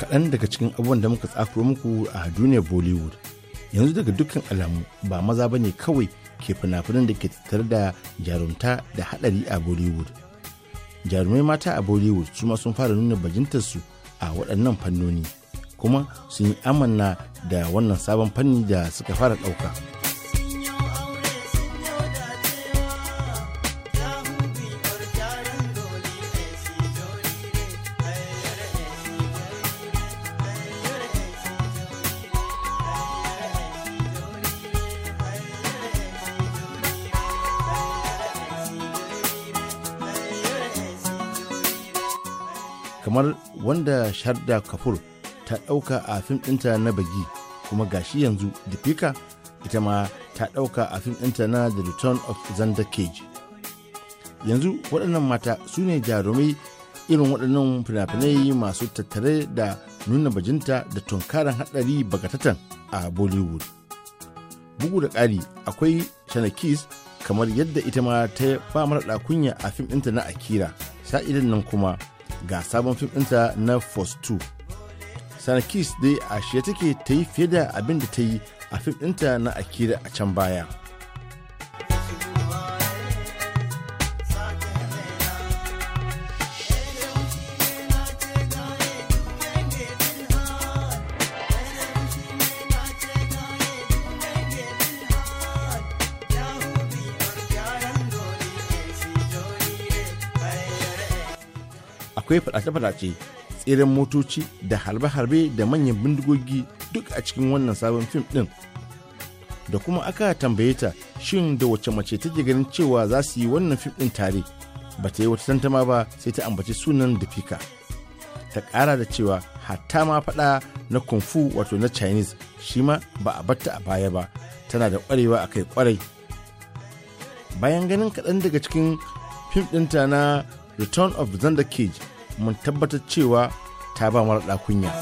kaɗan daga cikin abubuwan da muka tsafuro muku a duniyar bollywood yanzu daga dukkan alamu ba maza ba ne kawai ke fina-finan da ke tattare da jarumta da haɗari a bollywood jarumai mata a bollywood su ma sun fara nuna su a waɗannan fannoni kuma sun yi amanna da wannan sabon fanni da suka fara ɗauka. kamar wanda sharda kafur ta ɗauka a fim ɗinta na bagi kuma gashi yanzu dipika ita ma ta ɗauka a fim ɗinta na the return of zander cage yanzu waɗannan mata su ne jarumai irin waɗannan fina-finai masu tattare da nuna bajinta da tunkarin haɗari bagatatan a bollywood bugu da ƙari akwai shanakis kamar yadda ita ma ta fama da kunya a fim ɗinta na akira sa'idan nan kuma ga sabon fim ɗinta na force 2 kiss dai a take ta yi fiye da abin da ta yi a fim ɗinta na akira a can baya akwai faɗace-faɗace tseren motoci da harbe-harbe da manyan bindigogi duk a cikin wannan sabon fim ɗin da kuma aka tambaye ta shin da wace mace take ganin cewa za su yi wannan fim ɗin tare ba ta yi wata tantama ba sai ta ambaci sunan da ta kara da cewa hatta ma faɗa na kung fu wato na chinese shi ma ba a batta a baya ba tana da kwarewa a kai ƙwarai bayan ganin kaɗan daga cikin fim ɗinta na return of the cage mun tabbatar cewa ta ba mara kunya.